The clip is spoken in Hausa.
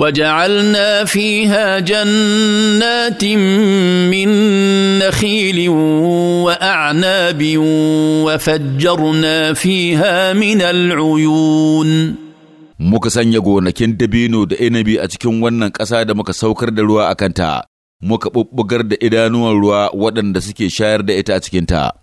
وجعلنا فيها جنات من نخيل واعناب وفجرنا فيها من العيون muka sanya gonakin dabino da inabi a cikin wannan ƙasa da muka saukar da ruwa a kanta muka ɓuɓɓugar da idanuwan ruwa waɗanda suke shayar da ita a cikinta